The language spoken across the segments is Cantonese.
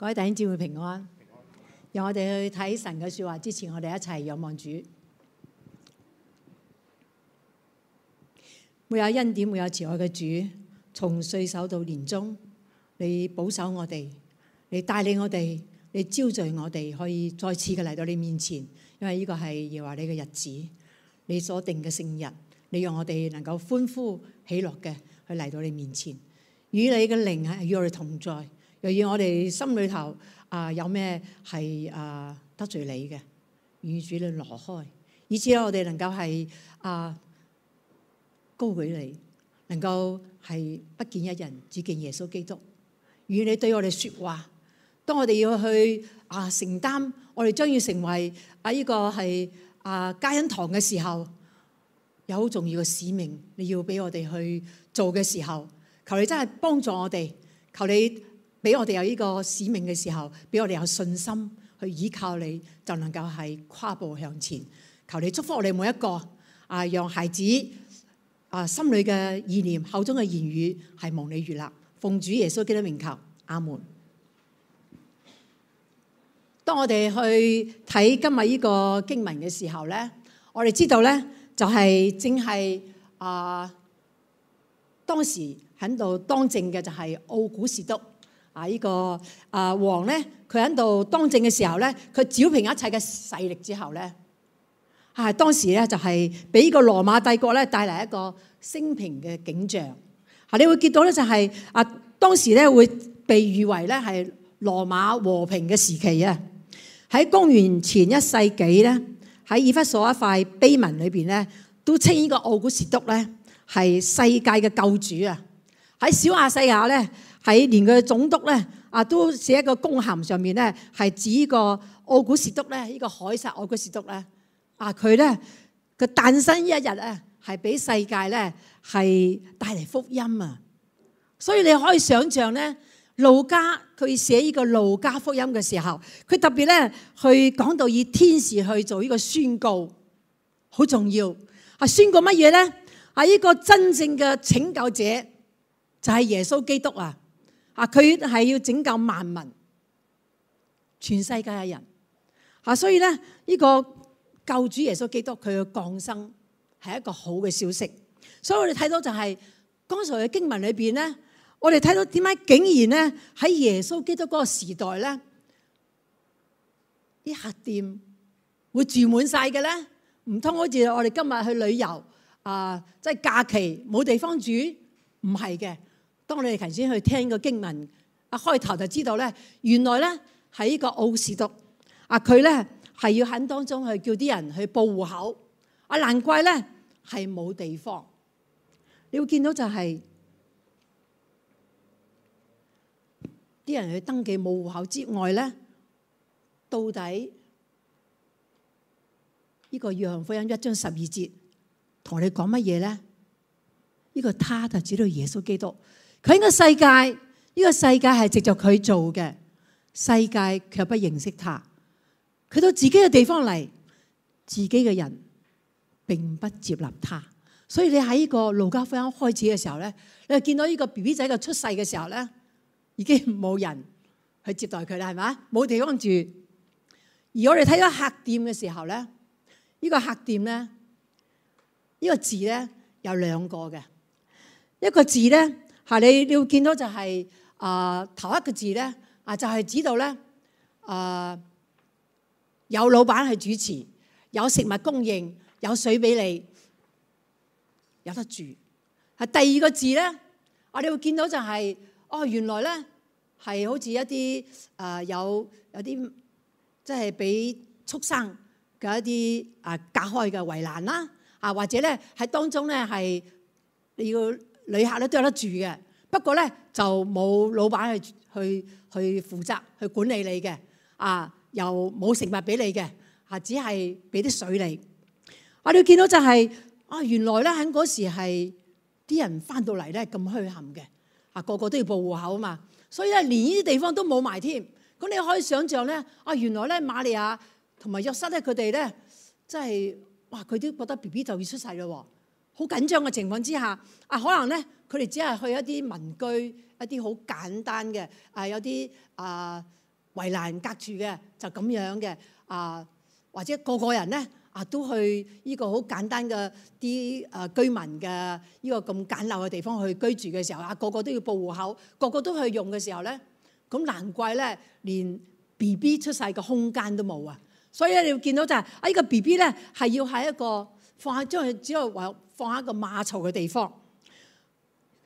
各位弟兄姊妹平安，由我哋去睇神嘅說話之前，我哋一齊仰望主。滿有恩典、滿有慈愛嘅主，從歲首到年終，你保守我哋，你帶領我哋，你招聚我哋，可以再次嘅嚟到你面前。因為呢個係耶和華你嘅日子，你所定嘅聖日，你讓我哋能夠歡呼喜樂嘅去嚟到你面前，與你嘅靈啊與我哋同在。又要我哋心裏頭啊有咩係啊得罪你嘅，願主你挪開，以至我哋能夠係啊高舉你，能夠係不見一人，只見耶穌基督。願你對我哋説話，當我哋要去啊承擔我哋將要成為啊呢個係啊加恩堂嘅時候，有好重要嘅使命你要俾我哋去做嘅時候，求你真係幫助我哋，求你。俾我哋有呢個使命嘅時候，俾我哋有信心去依靠你，就能夠喺跨步向前。求你祝福我哋每一個啊，讓孩子啊心裏嘅意念、口中嘅言語係蒙你悅納，奉主耶穌基督名求，阿門。當我哋去睇今日呢個經文嘅時候咧，我哋知道咧就係、是、正係啊當時喺度當政嘅就係奧古士都。喺個啊王咧，佢喺度當政嘅時候咧，佢剿平一切嘅勢力之後咧，啊當時咧就係俾呢個羅馬帝國咧帶嚟一個升平嘅景象。吓你會見到咧就係、是、啊當時咧會被譽為咧係羅馬和平嘅時期啊。喺公元前一世紀咧，喺以弗所一塊碑文裏邊咧，都稱呢個奧古士督咧係世界嘅救主啊。喺小亞細亞咧。喺連佢嘅總督咧，啊都寫一個公函上面咧，係指個奧古士督咧，呢、這個海撒奧古士督咧，啊佢咧佢誕生一日咧，係俾世界咧係帶嚟福音啊！所以你可以想象咧，路加佢寫呢個路加福音嘅時候，佢特別咧去講到以天使去做呢個宣告，好重要。宣告乜嘢咧？係、這、呢個真正嘅拯救者就係、是、耶穌基督啊！啊！佢係要拯救萬民，全世界嘅人。啊，所以咧，呢個救主耶穌基督佢嘅降生係一個好嘅消息。所以我哋睇到就係剛才嘅經文裏邊咧，我哋睇到點解竟然咧喺耶穌基督嗰個時代咧，啲客店會住滿晒嘅咧？唔通好似我哋今日去旅遊啊，即係假期冇地方住？唔係嘅。當你哋頭先去聽個經文，一開頭就知道咧，原來咧喺個奧士讀，啊佢咧係要喺當中去叫啲人去報戶口，啊難怪咧係冇地方。你會見到就係、是、啲人去登記冇戶口之外咧，到底呢、這個約翰福音一章十二節同你講乜嘢咧？呢、這個他就指到耶穌基督。佢喺個世界，呢、這個世界係藉着佢做嘅世界，卻不認識他。佢到自己嘅地方嚟，自己嘅人並不接納他。所以你喺呢個路加福音開始嘅時候咧，你就見到呢個 B B 仔嘅出世嘅時候咧，已經冇人去接待佢啦，係咪？冇地方住。而我哋睇咗客店嘅時候咧，呢、這個客店咧呢、這個字咧有兩個嘅一個字咧。嚇你，你會見到就係、是、啊、呃、頭一個字咧啊，就係、是、指導咧啊，有老闆係主持，有食物供應，有水俾你，有得住。係第二個字咧，你會見到就係、是、哦，原來咧係好似一啲啊、呃、有有啲即係俾畜生嘅一啲啊隔開嘅圍欄啦啊，或者咧喺當中咧係你要。旅客咧都有得住嘅，不過咧就冇老闆去去去負責去管理你嘅，啊又冇食物俾你嘅，啊只係俾啲水、啊、你。我哋見到就係、是、啊，原來咧喺嗰時係啲人翻到嚟咧咁墟冚嘅，啊個個都要報戶口啊嘛，所以咧連呢啲地方都冇埋添。咁你可以想象咧，啊原來咧瑪利亞同埋約瑟咧佢哋咧真係哇，佢都覺得 B B 就要出世咯喎。好緊張嘅情況之下，啊可能咧佢哋只係去一啲民居，一啲好簡單嘅啊，有啲啊圍欄隔住嘅就咁樣嘅啊，或者個個人咧啊都去呢個好簡單嘅啲啊居民嘅呢個咁簡陋嘅地方去居住嘅時候啊，個個都要報戶口，個個都去用嘅時候咧，咁難怪咧連 B B 出世嘅空間都冇啊！所以你會見到就係啊呢個 B B 咧係要喺一個。放喺將佢只係話放喺一個馬槽嘅地方。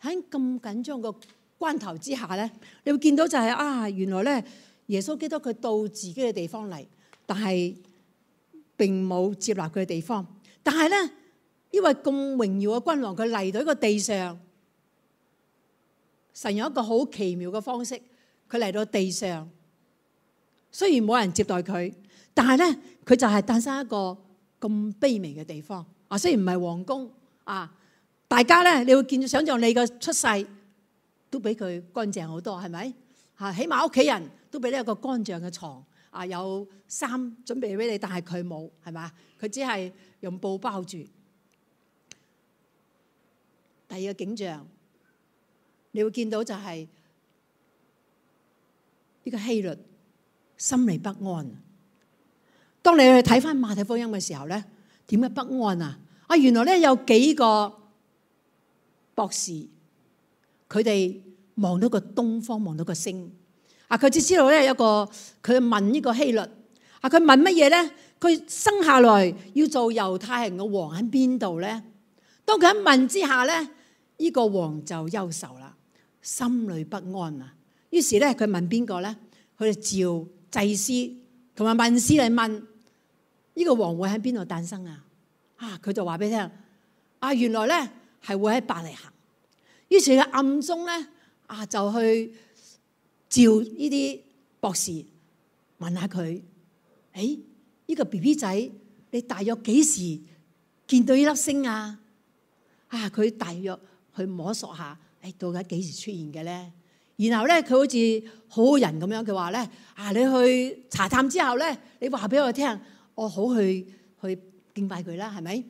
喺咁緊張嘅關頭之下咧，你會見到就係啊，原來咧耶穌基督佢到自己嘅地方嚟，但係並冇接納佢嘅地方。但係咧，呢位咁榮耀嘅君王佢嚟到一個地上，神有一個好奇妙嘅方式，佢嚟到地上，雖然冇人接待佢，但係咧佢就係誕生一個。咁卑微嘅地方啊，雖然唔係皇宮啊，大家咧你會見想象，你嘅出世都比佢乾淨好多，係咪？吓、啊、起碼屋企人都俾呢一個乾淨嘅床啊，有衫準備俾你，但係佢冇，係嘛？佢只係用布包住。第二個景象，你會見到就係呢個希律心理不安。當你去睇翻馬太福音嘅時候咧，點解不安啊？啊，原來咧有幾個博士，佢哋望到個東方，望到個星，啊，佢只知道咧有個，佢問呢個希律，啊，佢問乜嘢咧？佢生下來要做猶太人嘅王喺邊度咧？當佢一問之下咧，呢、呢個王就憂愁啦，心裏不安啊。於是咧，佢問邊個咧？佢就召祭司同埋文士嚟問。呢個王會喺邊度誕生啊？啊，佢就話俾你聽，啊原來咧係會喺伯利恆。於是佢暗中咧啊，就去召呢啲博士問下佢：誒、哎、呢、這個 B B 仔，你大約幾時見到呢粒星啊？啊，佢大約去摸索下，誒、哎、到底幾時出現嘅咧？然後咧，佢好似好人咁樣，佢話咧：啊，你去查探之後咧，你話俾我聽。我好去去敬拜佢啦，係咪？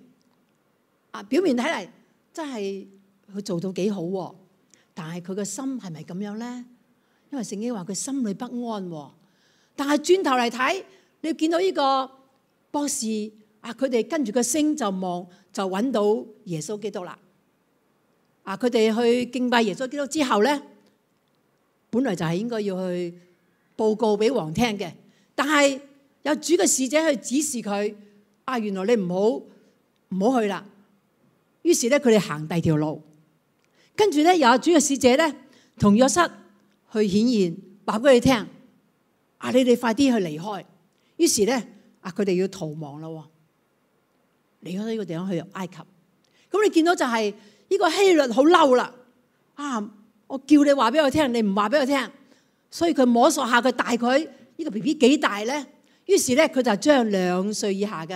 啊，表面睇嚟真係佢做到幾好啊，但係佢個心係咪咁樣咧？因為聖經話佢心裏不安啊。但係轉頭嚟睇，你見到呢個博士啊，佢哋跟住個星就望就搵到耶穌基督啦。啊，佢哋去敬拜耶穌基督之後咧，本來就係應該要去報告俾王聽嘅，但係。有主嘅使者去指示佢，啊，原來你唔好唔好去啦。於是咧，佢哋行第二條路，跟住咧，有主嘅使者咧，同約瑟去顯現，話俾佢聽，啊，你哋快啲去離開。於是咧，啊，佢哋要逃亡啦，離開呢個地方去入埃及。咁你見到就係呢個希律好嬲啦，啊，我叫你話俾我聽，你唔話俾我聽，所以佢摸索下，佢大概呢個 B B 幾大咧。於是咧，佢就將兩歲以下嘅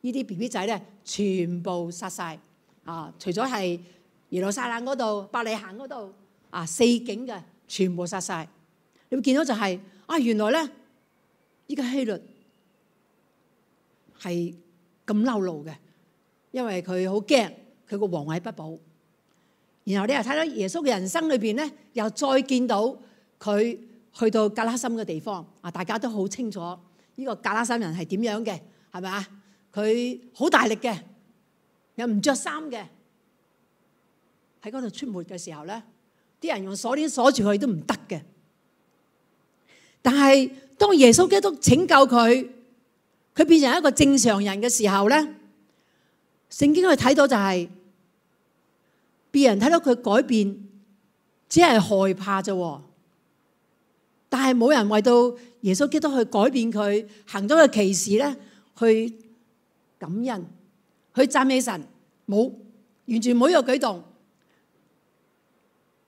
呢啲 B B 仔咧，全部殺晒。啊！除咗係耶路撒冷嗰度、百里行嗰度啊，四境嘅全部殺晒。你會見到就係、是、啊，原來咧依個希律係咁嬲怒嘅，因為佢好驚佢個王位不保。然後你又睇到耶穌嘅人生裏邊咧，又再見到佢去到格拉森嘅地方啊，大家都好清楚。呢個格拉森人係點樣嘅？係咪啊？佢好大力嘅，又唔着衫嘅，喺嗰度出沒嘅時候咧，啲人用鎖鏈鎖住佢都唔得嘅。但係當耶穌基督拯救佢，佢變成一個正常人嘅時候咧，聖經佢睇到就係，別人睇到佢改變，只係害怕啫。但係冇人為到。耶穌基督去改變佢，行咗個奇事咧，去感恩，去讚美神，冇完全冇一個舉動。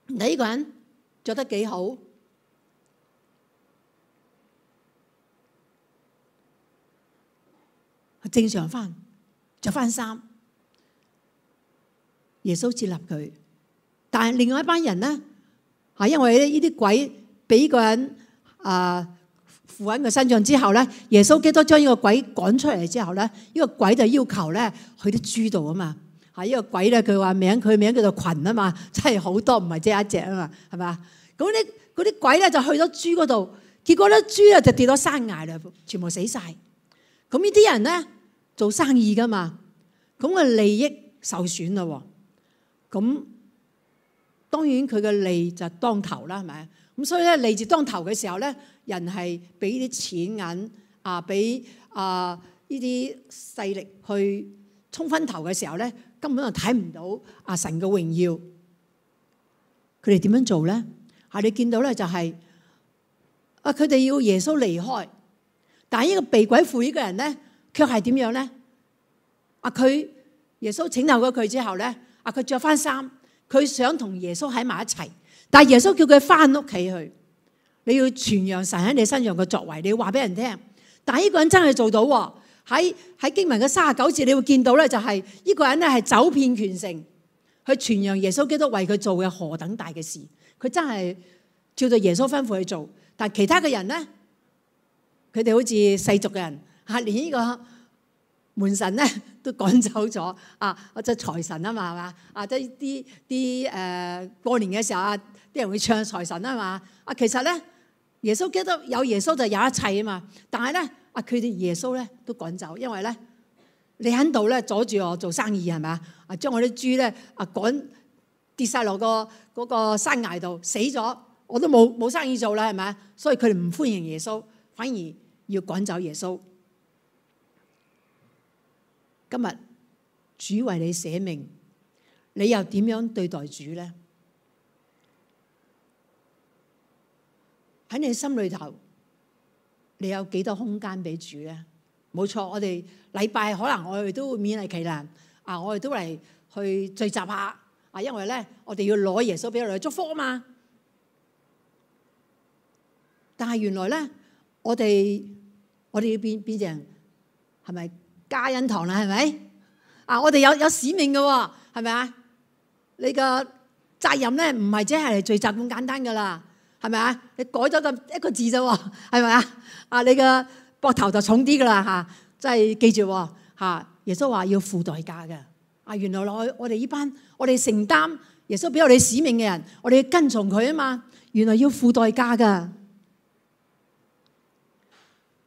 你、這、呢個人着得幾好，正常翻着翻衫，耶穌接納佢，但係另外一班人咧，啊，因為咧呢啲鬼俾個人啊。呃附喺佢身上之後咧，耶穌基督將呢個鬼趕出嚟之後咧，呢個鬼就要求咧去啲豬度啊嘛。吓，呢個鬼咧佢話名佢名叫做群啊嘛，真係好多唔係只一隻啊嘛，係嘛？咁咧嗰啲鬼咧就去咗豬嗰度，結果咧豬咧就跌咗山崖啦，全部死晒。咁呢啲人咧做生意噶嘛，咁嘅利益受損咯。咁當然佢嘅利就當頭啦，係咪？咁所以咧，利字當頭嘅時候咧，人係俾啲錢銀啊，俾啊呢啲勢力去充分頭嘅時候咧，根本就睇唔到阿神嘅榮耀。佢哋點樣做咧？啊，你見到咧就係、是、啊，佢哋要耶穌離開，但係呢個被鬼附依嘅人咧，卻係點樣咧？啊，佢耶穌請留咗佢之後咧，啊，佢着翻衫，佢想同耶穌喺埋一齊。但係耶穌叫佢翻屋企去，你要傳揚神喺你身上嘅作為，你要話俾人聽。但係呢個人真係做到喎，喺喺經文嘅三十九字你會見到咧，就係呢個人咧係走遍全城去傳揚耶穌基督為佢做嘅何等大嘅事。佢真係照到耶穌吩咐去做。但係其他嘅人咧，佢哋好似世俗嘅人吓，連呢個門神咧都趕走咗啊！我就財神啊嘛，係嘛啊！即係啲啲誒過年嘅時候啊。啲人會唱財神啊嘛，啊其實咧耶穌記得，有耶穌就有一切啊嘛，但係咧啊，佢哋耶穌咧都趕走，因為咧你喺度咧阻住我做生意係咪？啊將我啲豬咧啊趕跌晒落個、嗰個山崖度死咗，我都冇冇生意做啦係咪，所以佢哋唔歡迎耶穌，反而要趕走耶穌。今日主為你捨命，你又點樣對待主咧？喺你心裏頭，你有幾多空間俾主咧？冇錯，我哋禮拜可能我哋都會勉力其難啊！我哋都嚟去聚集一下啊，因為咧我哋要攞耶穌俾我哋去祝福啊嘛。但係原來咧，我哋我哋要變變成係咪加恩堂啦？係咪啊？我哋有有使命嘅，係咪啊？你個責任咧唔係只係嚟聚集咁簡單噶啦。係咪啊？你改咗一個字啫，係咪啊？啊，你嘅膊頭就重啲噶啦吓，即係記住吓。耶穌話要付代價嘅，啊，原來我我哋呢班我哋承擔耶穌俾我哋使命嘅人，我哋要跟從佢啊嘛，原來要付代價噶，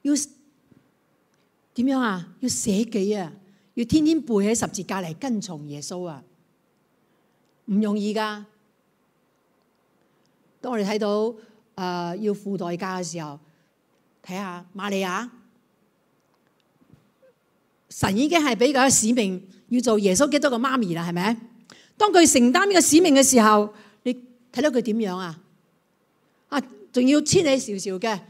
要點樣啊？要捨己啊？要天天背喺十字架嚟跟從耶穌啊？唔容易噶。當我哋睇到誒、呃、要付代價嘅時候，睇下瑪利亞，神已經係俾佢使命要做耶穌基督嘅媽咪啦，係咪？當佢承擔呢個使命嘅時候，你睇到佢點樣啊？啊，仲要千里迢迢嘅，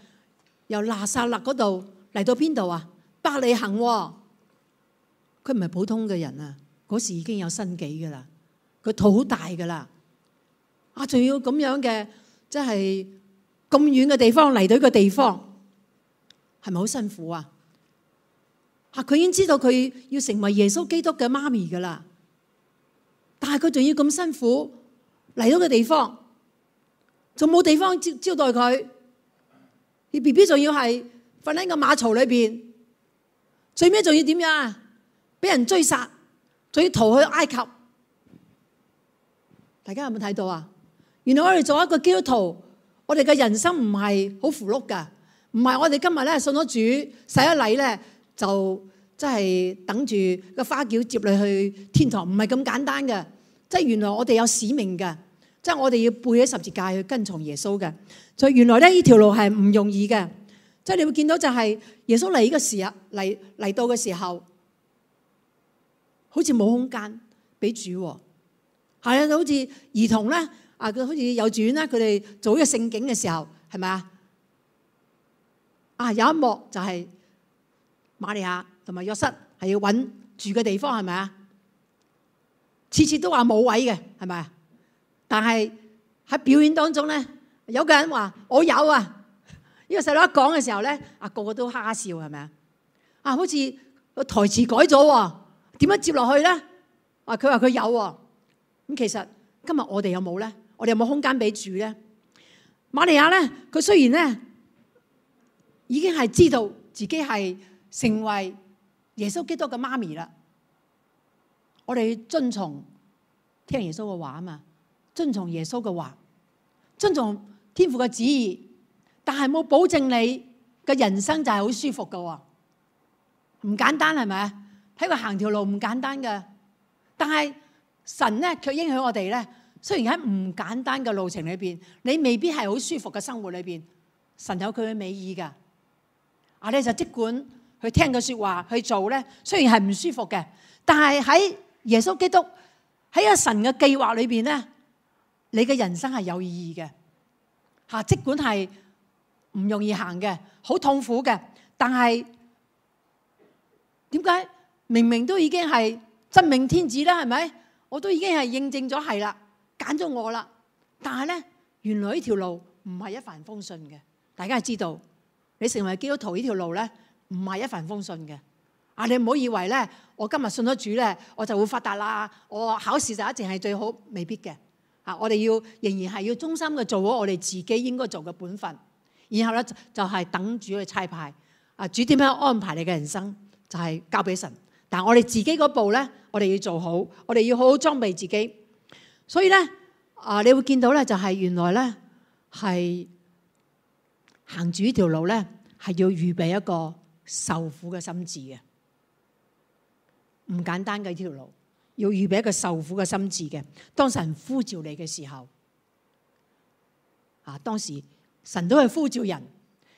由拿撒勒嗰度嚟到邊度啊？伯利恆。哦，佢唔係普通嘅人啊！嗰時已經有身紀噶啦，佢肚好大噶啦。啊，仲要咁樣嘅，即係咁遠嘅地方嚟到個地方，係咪好辛苦啊？啊，佢已經知道佢要成為耶穌基督嘅媽咪噶啦，但係佢仲要咁辛苦嚟到個地方，仲冇地方招招待佢，而 B B 仲要係瞓喺個馬槽裏邊，最尾仲要點樣啊？俾人追殺，仲要逃去埃及，大家有冇睇到啊？原來我哋做一個基督徒，我哋嘅人生唔係好符碌噶，唔係我哋今日咧信咗主，使咗禮咧就即係等住個花轎接你去天堂，唔係咁簡單嘅。即係原來我哋有使命嘅，即係我哋要背起十字架去跟從耶穌嘅。就原來咧呢條路係唔容易嘅，即係你會見到就係耶穌嚟嘅時候嚟嚟到嘅時候，好似冇空間俾主，係啊，好似兒童咧。啊！佢好似幼稚園啦，佢哋做一聖景嘅時候，係咪啊？啊！有一幕就係瑪利亞同埋約瑟係要揾住嘅地方，係咪啊？次次都話冇位嘅，係咪啊？但係喺表演當中咧，有個人話我有啊！呢、這個細路一講嘅時候咧，啊個個都哈哈笑係咪啊？啊！好似個台詞改咗喎，點樣接落去咧？啊！佢話佢有喎、啊，咁其實今日我哋有冇咧？我哋有冇空間俾主咧？瑪利亞咧，佢雖然咧已經係知道自己係成為耶穌基督嘅媽咪啦，我哋遵從聽耶穌嘅話啊嘛，遵從耶穌嘅話，遵從天父嘅旨意，但係冇保證你嘅人生就係好舒服噶，唔簡單，係咪？睇佢行條路唔簡單噶，但係神咧卻影響我哋咧。雖然喺唔簡單嘅路程裏邊，你未必係好舒服嘅生活裏邊，神有佢嘅美意㗎。啊！你就即管去聽佢説話去做咧。雖然係唔舒服嘅，但係喺耶穌基督喺阿神嘅計劃裏邊咧，你嘅人生係有意義嘅吓。即管係唔容易行嘅，好痛苦嘅，但係點解明明都已經係真命天子啦？係咪？我都已經係認證咗係啦。揀咗我啦，但係咧，原來呢條路唔係一帆風順嘅。大家知道，你成為基督徒呢條路咧，唔係一帆風順嘅。啊，你唔好以為咧，我今日信咗主咧，我就會發達啦。我考試就一定係最好，未必嘅。啊，我哋要仍然係要忠心嘅做好我哋自己應該做嘅本分，然後咧就係、是、等主去差派。啊，主點樣安排你嘅人生，就係、是、交俾神。但係我哋自己嗰步咧，我哋要做好，我哋要好好裝備自己。所以咧，啊，你會見到咧，就係原來咧係行住呢條路咧，係要預備一個受苦嘅心智嘅，唔簡單嘅一條路，要預備一個受苦嘅心智嘅。當神呼召你嘅時候，啊，當時神都係呼召人，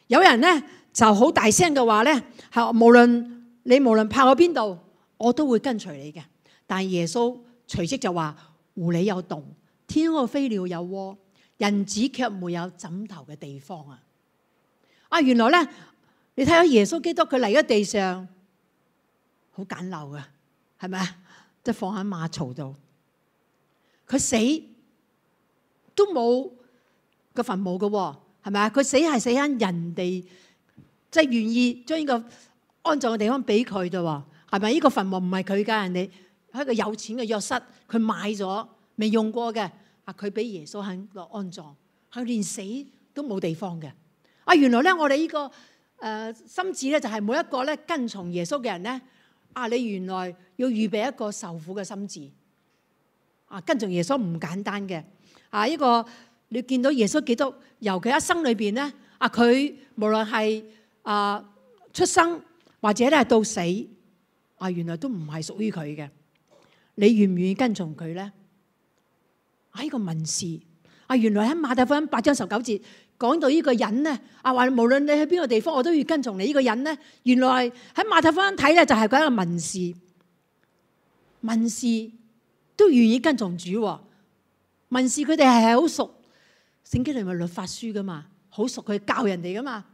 有人咧就好大聲嘅話咧，係無論你無論派我邊度，我都會跟隨你嘅。但係耶穌隨即就話。狐狸有洞，天空嘅飛鳥有窩，人子卻沒有枕頭嘅地方啊！啊，原來咧，你睇下耶穌基督佢嚟咗地上，好簡陋噶，係咪啊？即係放喺馬槽度，佢死都冇個墳墓噶，係咪啊？佢死係死喺人哋，即係願意將呢個安葬嘅地方俾佢啫，係咪？呢個墳墓唔係佢噶，人哋喺一個有錢嘅約瑟，佢買咗未用過嘅啊！佢俾耶穌喺度安葬，佢連死都冇地方嘅啊！原來咧，這個，我哋呢個誒心智咧，就係每一個咧跟從耶穌嘅人咧啊！你原來要預備一個受苦嘅心智啊！跟從耶穌唔簡單嘅啊！呢個你見到耶穌幾多，由佢一生裏邊咧啊，佢無論係啊出生或者咧到死啊，原來都唔係屬於佢嘅。你願唔願意跟從佢咧？啊，呢、這個文士，啊，原來喺馬太福音八章十九節講到呢個人咧，啊話無論你去邊個地方，我都要跟從你呢個人咧。原來喺馬太福音睇咧，就係嗰一個文士，文士都願意跟從主。文士佢哋係好熟，聖經裏邊律法書噶嘛，好熟佢教人哋噶嘛。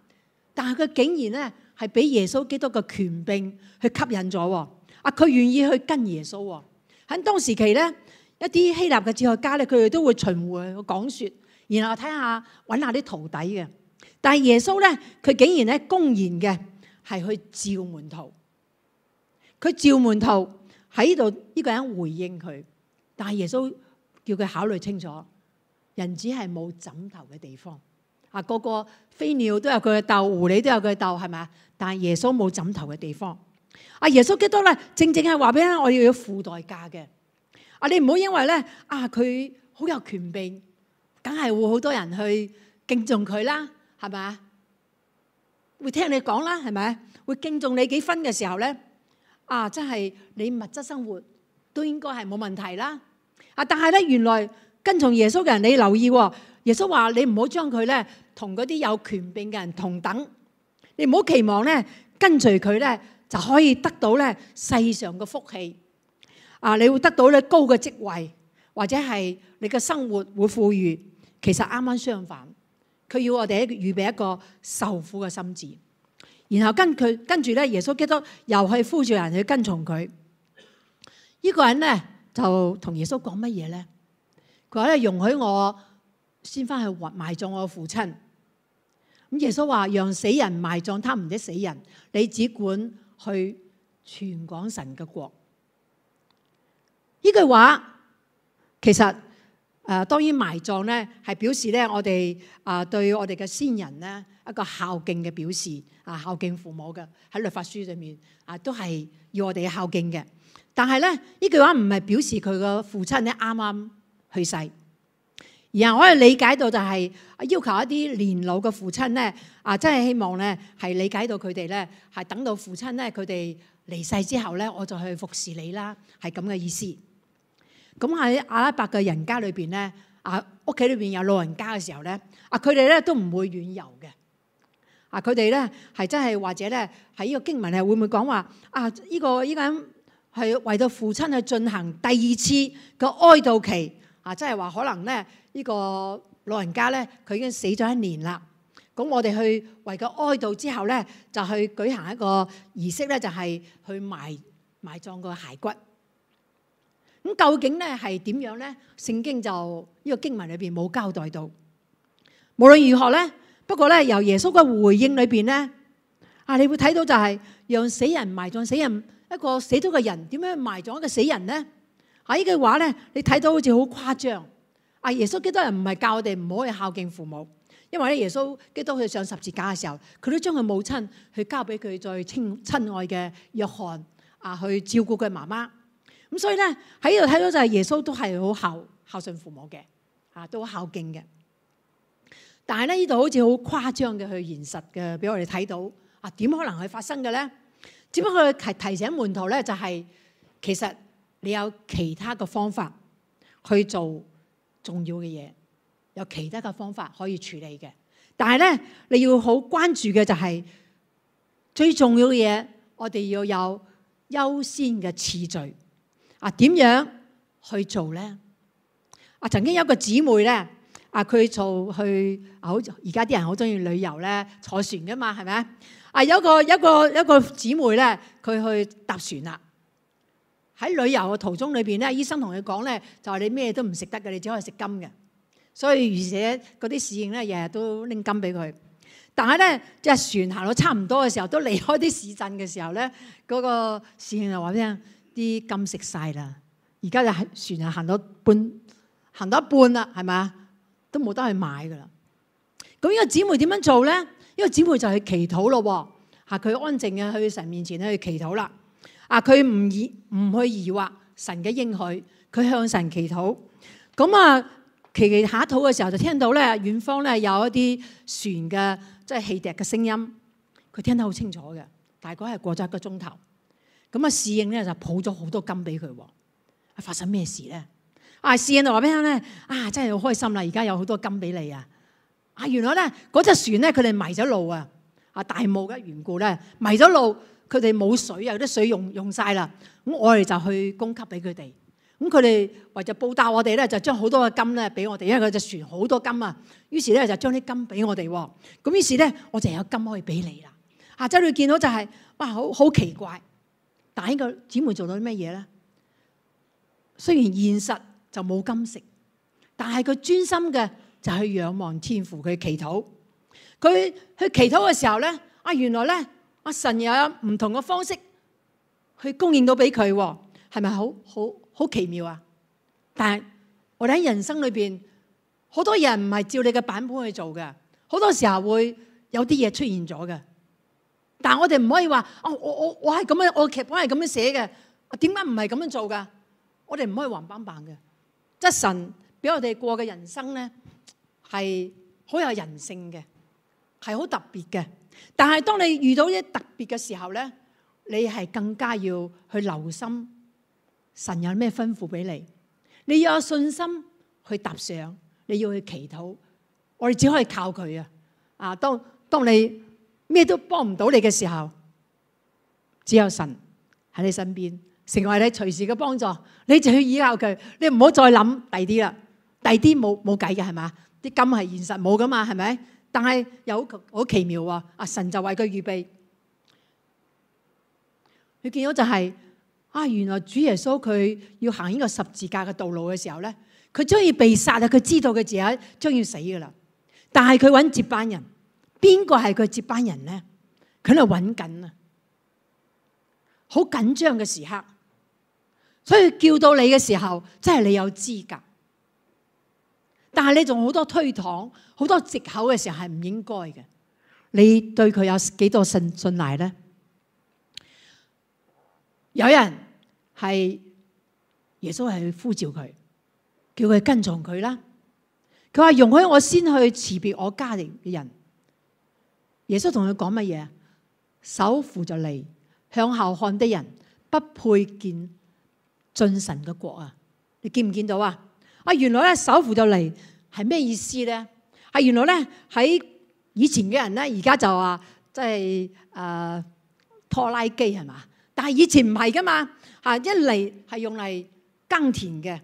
但係佢竟然咧係俾耶穌基督嘅權柄去吸引咗，啊佢願意去跟耶穌。喺當時期咧，一啲希臘嘅哲學家咧，佢哋都會巡回去講說，然後睇下揾下啲徒弟嘅。但係耶穌咧，佢竟然咧公然嘅係去召門徒。佢召門徒喺度，呢個人回應佢，但係耶穌叫佢考慮清楚。人只係冇枕頭嘅地方，啊，個個飛鳥都有佢嘅竇，狐狸都有佢嘅竇，係咪啊？但係耶穌冇枕頭嘅地方。阿耶穌基督咧，正正係話俾我哋要有付代價嘅。阿你唔好因為咧，啊佢好有權柄，梗係會好多人去敬重佢啦，係咪啊？會聽你講啦，係咪？會敬重你幾分嘅時候咧？啊，真係你物質生活都應該係冇問題啦。啊，但係咧，原來跟從耶穌嘅人，你留意哦，耶穌話你唔好將佢咧同嗰啲有權柄嘅人同等，你唔好期望咧跟隨佢咧。就可以得到咧世上嘅福氣，啊你會得到咧高嘅職位，或者係你嘅生活會富裕。其實啱啱相反，佢要我哋預備一個受苦嘅心志，然後跟佢跟住咧，耶穌基督又去呼召人去跟從佢。呢、這個人咧就同耶穌講乜嘢咧？佢話咧容許我先返去埋葬我的父親。咁耶穌話：讓死人埋葬他唔啲死人，你只管。去全港神嘅國。呢句話其實誒、呃，當然埋葬咧係表示咧我哋啊、呃、對我哋嘅先人咧一個孝敬嘅表示啊，孝敬父母嘅喺律法書上面啊都係要我哋孝敬嘅。但係咧呢句話唔係表示佢個父親咧啱啱去世。然後我係理解到就係要求一啲年老嘅父親咧，啊真係希望咧係理解到佢哋咧係等到父親咧佢哋離世之後咧，我就去服侍你啦，係咁嘅意思。咁喺阿拉伯嘅人家裏邊咧，啊屋企裏邊有老人家嘅時候咧，啊佢哋咧都唔會遠遊嘅。啊佢哋咧係真係或者咧喺呢個經文咧會唔會講話啊呢、呢個呢間係為到父親去進行第二次嘅哀悼期？啊，即係話可能咧，呢個老人家咧，佢已經死咗一年啦。咁我哋去為佢哀悼之後咧，就去舉行一個儀式咧，就係去埋埋葬個骸骨。咁究竟咧係點樣咧？聖經就呢個經文裏邊冇交代到。無論如何咧，不過咧由耶穌嘅回應裏邊咧，啊你會睇到就係讓死人埋葬死人，一個死咗嘅人點樣埋葬一個死人咧？啊！呢句話咧，你睇到好似好誇張。阿耶穌基督人唔係教我哋唔好去孝敬父母，因為咧耶穌基督去上十字架嘅時候，佢都將佢母親去交俾佢最親親愛嘅約翰啊去照顧佢媽媽。咁所以咧喺呢度睇到就係耶穌都係好孝孝順父母嘅，啊都好孝敬嘅。但係咧呢度好似好誇張嘅去現實嘅，俾我哋睇到啊，點可能去發生嘅咧？只不過提提醒門徒咧就係、是、其實。你有其他嘅方法去做重要嘅嘢，有其他嘅方法可以處理嘅，但係咧，你要好關注嘅就係、是、最重要嘅嘢，我哋要有優先嘅次序啊，點樣去做咧？啊，曾經有一個姊妹咧，啊，佢做去好似而家啲人好中意旅遊咧，坐船噶嘛，係咪啊？有一個有一個一個姊妹咧，佢去搭船啦。喺旅遊嘅途中裏邊咧，醫生同佢講咧，就話你咩都唔食得嘅，你只可以食金嘅。所以而且嗰啲侍應咧，日日都拎金俾佢。但係咧，即係船行到差唔多嘅時候，都離開啲市鎮嘅時候咧，嗰個侍應就話咩？啲金食晒啦，而家就係船啊行到半，行到一半啦，係咪啊？都冇得去買噶啦。咁呢個姊妹點樣做咧？呢個姊妹就去祈禱咯，嚇佢安靜嘅去神面前去祈禱啦。啊！佢唔疑唔去疑惑神嘅應許，佢向神祈禱。咁啊，祈祈下肚嘅時候就聽到咧，遠方咧有一啲船嘅即係汽笛嘅聲音，佢聽得好清楚嘅。大概係過咗一個鐘頭，咁啊，侍應咧就抱咗好多金俾佢啊。發生咩事咧？啊，侍應就話俾佢聽咧：啊，真係好開心啦！而家有好多金俾你啊！啊，原來咧嗰隻船咧，佢哋迷咗路啊！啊，大霧嘅緣故咧，迷咗路，佢哋冇水啊，啲水用用晒啦。咁我哋就去供給俾佢哋。咁佢哋為咗報答我哋咧，就將好多嘅金咧俾我哋，因為佢隻船好多金啊。於是咧就將啲金俾我哋。咁於是咧我就有金可以俾你啦。啊，周到見到就係、是、哇，好好奇怪。但係呢個姊妹做到啲咩嘢咧？雖然現實就冇金食，但係佢專心嘅就去仰望天父，佢祈禱。佢去祈禱嘅時候咧，啊，原來咧，阿神又有唔同嘅方式去供應到俾佢，係咪好好好奇妙啊？但係我哋喺人生裏邊，好多嘢唔係照你嘅版本去做嘅，好多時候會有啲嘢出現咗嘅。但係我哋唔可以話：哦，我我我係咁樣，我劇本係咁樣寫嘅，點解唔係咁樣做噶？我哋唔可以橫斑板嘅。即係神俾我哋過嘅人生咧，係好有人性嘅。係好特別嘅，但係當你遇到啲特別嘅時候咧，你係更加要去留心神有咩吩咐俾你，你要有信心去踏上，你要去祈禱，我哋只可以靠佢啊！啊，當當你咩都幫唔到你嘅時候，只有神喺你身邊，成為你隨時嘅幫助，你就去依靠佢，你唔好再諗第二啲啦，第二啲冇冇計嘅係嘛，啲金係現實冇噶嘛，係咪？但係有好奇妙喎、啊，阿神就為佢預備。佢見到就係、是、啊，原來主耶穌佢要行呢個十字架嘅道路嘅時候咧，佢將要被殺啊！佢知道佢自己將要死噶啦。但係佢揾接班人，邊個係佢接班人呢？佢嚟揾緊啊，好緊張嘅時刻。所以叫到你嘅時候，真係你有資格。但係你仲好多推搪、好多藉口嘅時候係唔應該嘅。你對佢有幾多信信賴咧？有人係耶穌係去呼召佢，叫佢跟從佢啦。佢話容許我先去辭別我家庭嘅人。耶穌同佢講乜嘢？手扶着犁，向後看的人不配見進神嘅國啊！你見唔見到啊？啊，原來咧，手扶到犁係咩意思咧？係原來咧，喺以前嘅人咧，而家就話即係誒拖拉機係嘛？但係以前唔係噶嘛，吓，一嚟係用嚟耕田嘅，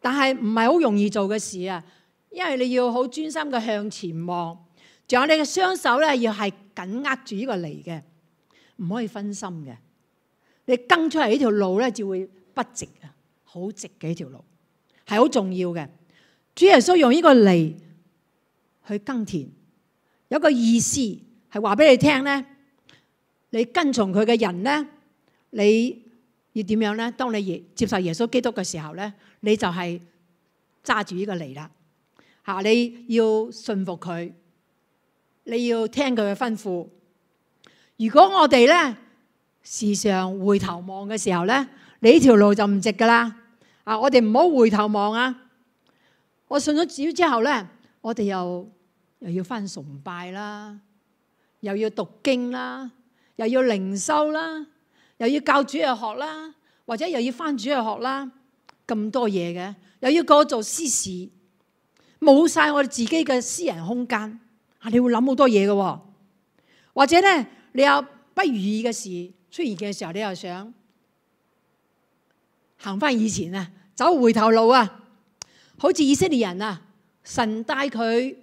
但係唔係好容易做嘅事啊！因為你要好專心嘅，向前望，仲有你嘅雙手咧，要係緊握住呢個犁嘅，唔可以分心嘅。你耕出嚟呢條路咧，就會不直啊，好直嘅呢條路。係好重要嘅，主耶穌用呢個犁去耕田，有個意思係話俾你聽咧。你跟從佢嘅人咧，你要點樣咧？當你接受耶穌基督嘅時候咧，你就係揸住呢個犁啦。吓，你要信服佢，你要聽佢嘅吩咐。如果我哋咧時常回頭望嘅時候咧，你這條路就唔直噶啦。啊！我哋唔好回頭望啊！我信咗主之後咧，我哋又又要返崇拜啦，又要讀經啦，又要靈修啦，又要教主日學啦，或者又要返主日學啦，咁多嘢嘅，又要過做私事，冇晒我哋自己嘅私人空間啊！你會諗好多嘢嘅，或者咧你有不如意嘅事出現嘅時候，你又想。行翻以前啊，走回頭路啊，好似以色列人啊，神帶佢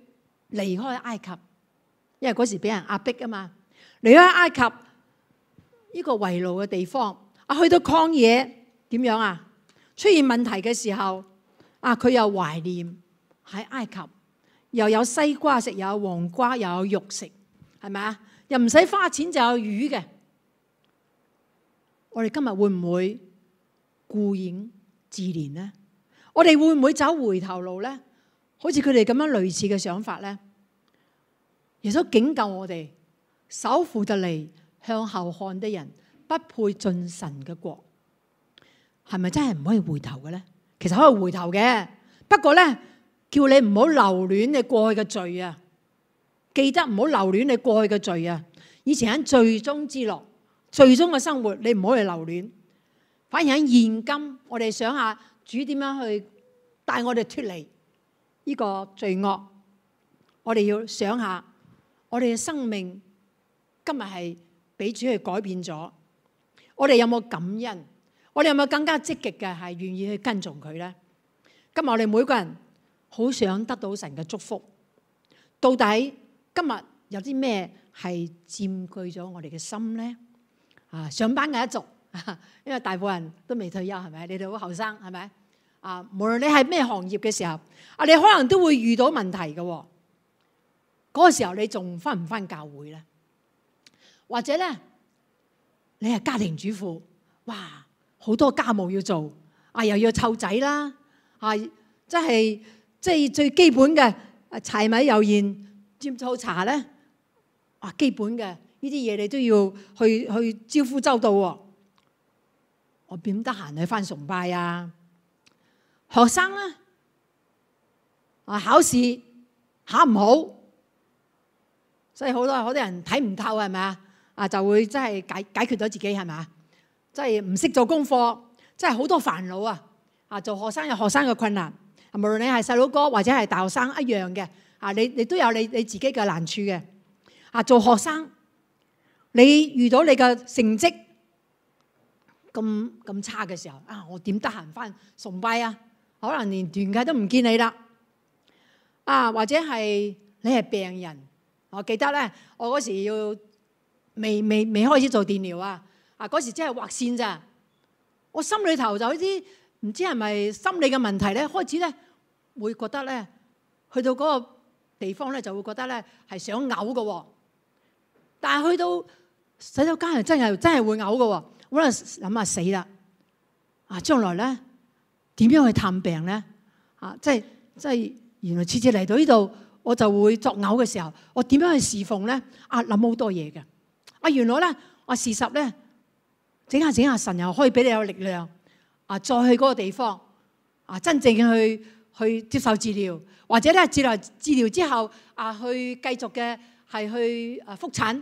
離開埃及，因為嗰時俾人壓迫啊嘛，離開埃及呢、這個圍爐嘅地方啊，去到曠野點樣啊？出現問題嘅時候啊，佢又懷念喺埃及，又有西瓜食，又有黃瓜，又有肉食，係咪啊？又唔使花錢就有魚嘅，我哋今日會唔會？顧影自憐呢，我哋會唔會走回頭路呢？好似佢哋咁樣類似嘅想法呢，耶穌警告我哋：，手扶着嚟向後看的人，不配進神嘅國。係咪真係唔可以回頭嘅呢？其實可以回頭嘅，不過呢，叫你唔好留戀你過去嘅罪啊！記得唔好留戀你過去嘅罪啊！以前喺罪中之樂、罪中嘅生活你唔可以留戀，你唔好去留戀。反而喺現今，我哋想下主點樣去帶我哋脫離呢個罪惡，我哋要想下我哋嘅生命今日係俾主去改變咗。我哋有冇感恩？我哋有冇更加積極嘅係願意去跟從佢咧？今日我哋每個人好想得到神嘅祝福。到底今日有啲咩係佔據咗我哋嘅心咧？啊，上班嘅一族。因為大部分人都未退休，係咪？你哋好後生，係咪？啊，無論你係咩行業嘅時候，啊，你可能都會遇到問題嘅，哦。嗰，那個時候你仲返唔返教會咧？或者咧，你係家庭主婦，哇，好多家務要做，啊，又要湊仔啦，啊，即係即係最基本嘅柴米油鹽醬醋茶咧，啊，基本嘅呢啲嘢你都要去去招呼周到，哦。我點得閒去返崇拜啊？學生咧啊，考試考唔好，所以好多好多人睇唔透係咪啊？啊，就會真係解解決咗自己係咪啊？真係唔識做功課，真係好多煩惱啊！啊，做學生有學生嘅困難，無論你係細佬哥或者係大學生一樣嘅啊，你你都有你你自己嘅難處嘅啊。做學生，你遇到你嘅成績。咁咁差嘅時候啊，我點得閒返崇拜啊？可能連團契都唔見你啦啊，或者係你係病人。我記得咧，我嗰時要未未未開始做電療啊啊，嗰、啊、時真係畫線咋。我心裏頭就開啲唔知係咪心理嘅問題咧，開始咧會覺得咧去到嗰個地方咧就會覺得咧係想嘔嘅、哦。但係去到洗手間係真係真係會嘔嘅、哦。我諗下死啦！啊，將來咧點樣去探病咧？啊，即係即係，原來次次嚟到呢度，我就會作嘔嘅時候，我點樣去侍奉咧？啊，諗好多嘢嘅。啊，原來咧，啊事實咧，整下整下，神又可以俾你有力量啊！再去嗰個地方啊，真正去去接受治療，或者咧治療治療之後啊，去繼續嘅係去啊復診。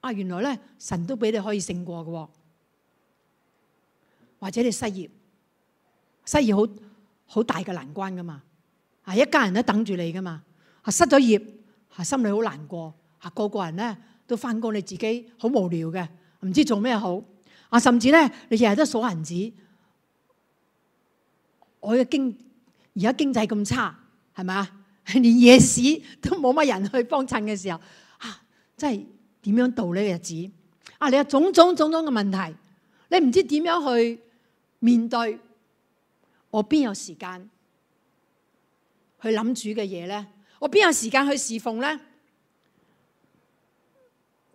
啊，原來咧神都俾你可以勝過嘅。或者你失業，失業好好大嘅難關噶嘛，啊一家人都等住你噶嘛，啊失咗業，啊心裏好難過，啊個個人咧都翻工，你自己好無聊嘅，唔知做咩好，啊甚至咧你日日都數銀紙，我嘅經而家經濟咁差，係咪啊？連夜市都冇乜人去幫襯嘅時候，啊真係點樣度呢個日子？啊你有種種種種嘅問題，你唔知點樣去。面對，我邊有時間去諗主嘅嘢呢？我邊有時間去侍奉呢？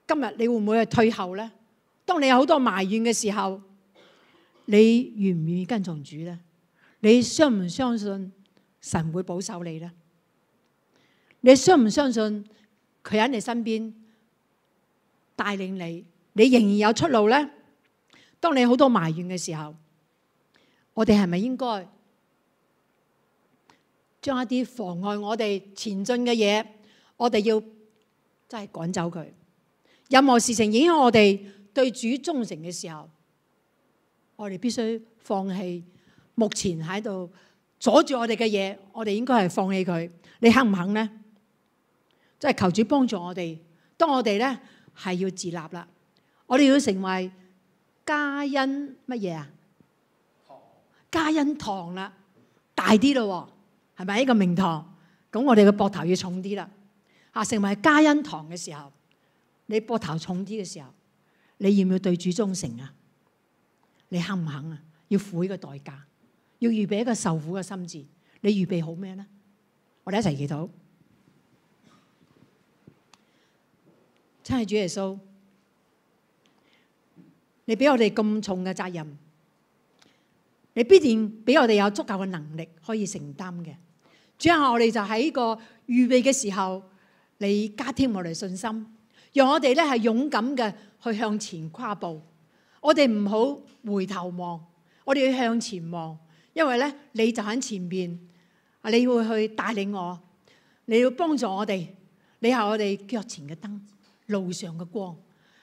今日你會唔會係退後呢？當你有好多埋怨嘅時候，你願唔願意跟從主呢？你相唔相信神會保守你呢？你相唔相信佢喺你身邊帶領你？你仍然有出路呢？當你好多埋怨嘅時候。我哋係咪應該將一啲妨礙我哋前進嘅嘢，我哋要真係趕走佢？任何事情影響我哋對主忠誠嘅時候，我哋必須放棄目前喺度阻住我哋嘅嘢，我哋應該係放棄佢。你肯唔肯呢？即係求主幫助我哋。當我哋呢係要自立啦，我哋要成為加恩乜嘢啊？加恩堂啦，大啲咯，係咪呢個名堂？咁我哋嘅膊頭要重啲啦，啊，成為加恩堂嘅時候，你膊頭重啲嘅時候，你要唔要對主忠誠啊？你肯唔肯啊？要付呢個代價，要預備一個受苦嘅心志。你預備好咩咧？我哋一齊祈禱，親愛的主耶穌，你俾我哋咁重嘅責任。你必定俾我哋有足夠嘅能力可以承擔嘅。最後，我哋就喺呢個預備嘅時候，你加添我哋信心，讓我哋咧係勇敢嘅去向前跨步。我哋唔好回頭望，我哋要向前望，因為咧你就喺前邊，你會去帶領我，你要幫助我哋，你係我哋腳前嘅燈，路上嘅光，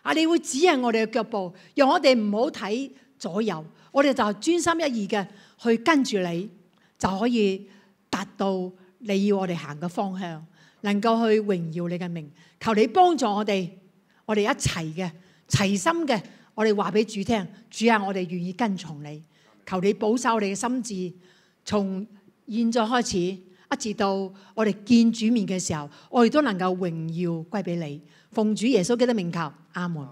啊，你會指引我哋嘅腳步，讓我哋唔好睇。所有，我哋就專心一意嘅去跟住你，就可以達到你要我哋行嘅方向，能夠去榮耀你嘅名。求你幫助我哋，我哋一齊嘅，齊心嘅，我哋話俾主聽，主啊，我哋願意跟從你。求你保守你嘅心智，從現在開始，一直到我哋見主面嘅時候，我哋都能夠榮耀歸俾你。奉主耶穌基督名求，阿門。